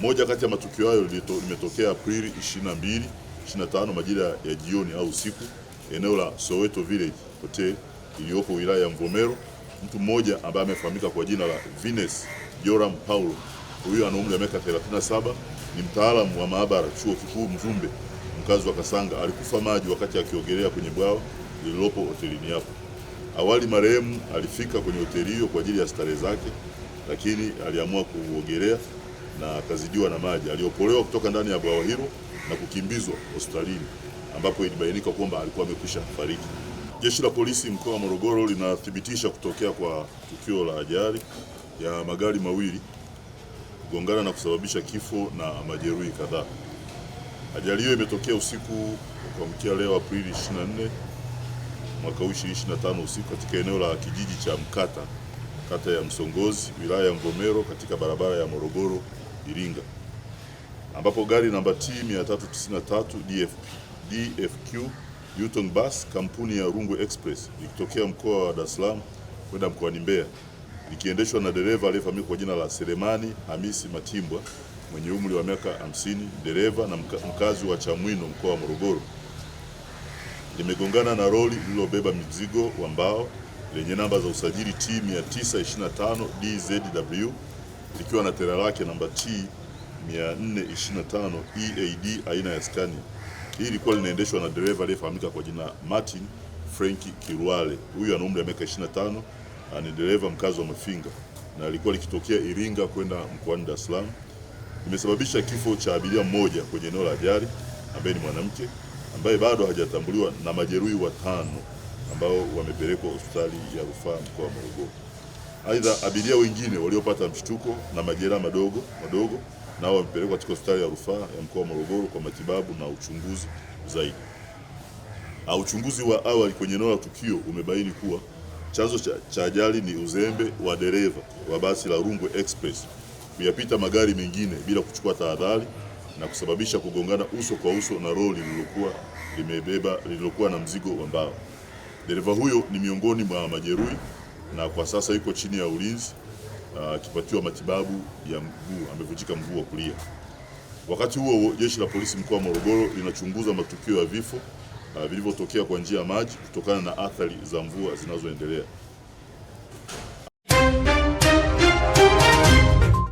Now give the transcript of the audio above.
Moja kati ya matukio hayo limetokea Aprili 22, 25 majira ya jioni au usiku eneo la Soweto Village Hotel iliyopo wilaya ya Mvomero. Mtu mmoja ambaye amefahamika kwa jina la Venus Joram Paulo, huyu ana umri wa miaka 37, ni mtaalamu wa maabara chuo kikuu Mzumbe, mkazi wa Kasanga, alikufa maji wakati akiogelea kwenye bwawa lililopo hotelini hapo. Awali marehemu alifika kwenye hoteli hiyo kwa ajili ya starehe zake, lakini aliamua kuogelea na akazidiwa na maji, aliopolewa kutoka ndani ya bwawa hilo na kukimbizwa hospitalini ambapo ilibainika kwamba alikuwa amekwisha fariki. Jeshi la polisi mkoa wa Morogoro linathibitisha kutokea kwa tukio la ajali ya magari mawili kugongana na kusababisha kifo na majeruhi kadhaa. Ajali hiyo imetokea usiku wa kuamkia leo Aprili 24 mwaka 2025 usiku katika eneo la kijiji cha Mkata, kata ya Msongozi, wilaya ya Mvomero, katika barabara ya Morogoro Iringa, ambapo gari namba T 393 DFP, DFQ Newton Bus kampuni ya Rungwe Express ikitokea mkoa wa Dar es Salaam kwenda mkoani Mbeya ikiendeshwa na dereva aliyefahamika kwa jina la Selemani Hamisi Matimbwa mwenye umri wa miaka 50, dereva na mkazi wa Chamwino mkoa wa Morogoro, limegongana na roli lililobeba mizigo wa mbao lenye namba za usajili T 925 DZW likiwa na tera lake namba T 425 EAD aina ya Scania. Hii ilikuwa linaendeshwa na dereva aliyefahamika kwa jina Martin Frank Kirwale. Huyu ana umri wa miaka 25, ni dereva mkazi wa Mafinga na alikuwa likitokea Iringa kwenda mkoani Dar es Salaam. Imesababisha kifo cha abiria mmoja kwenye eneo la ajali ambaye ni mwanamke ambaye bado hajatambuliwa na majeruhi watano ambao wamepelekwa hospitali ya rufaa mkoa wa Morogoro. Aidha, abiria wengine waliopata mshtuko na majeraha madogo madogo nao wamepelekwa katika hospitali ya rufaa ya mkoa wa Morogoro kwa matibabu na uchunguzi zaidi. Ah, uchunguzi wa awali kwenye eneo la tukio umebaini kuwa chanzo cha, cha ajali ni uzembe wa dereva wa basi la Rungwe Express kuyapita magari mengine bila kuchukua tahadhari na kusababisha kugongana uso kwa uso na lori lililokuwa limebeba lililokuwa na mzigo wa mbao. Dereva huyo ni miongoni mwa majeruhi na kwa sasa yuko chini ya ulinzi akipatiwa matibabu ya mguu, amevunjika mguu wa kulia. Wakati huo jeshi la polisi mkoa wa Morogoro linachunguza matukio ya vifo ah, vilivyotokea kwa njia ya maji kutokana na athari za mvua zinazoendelea.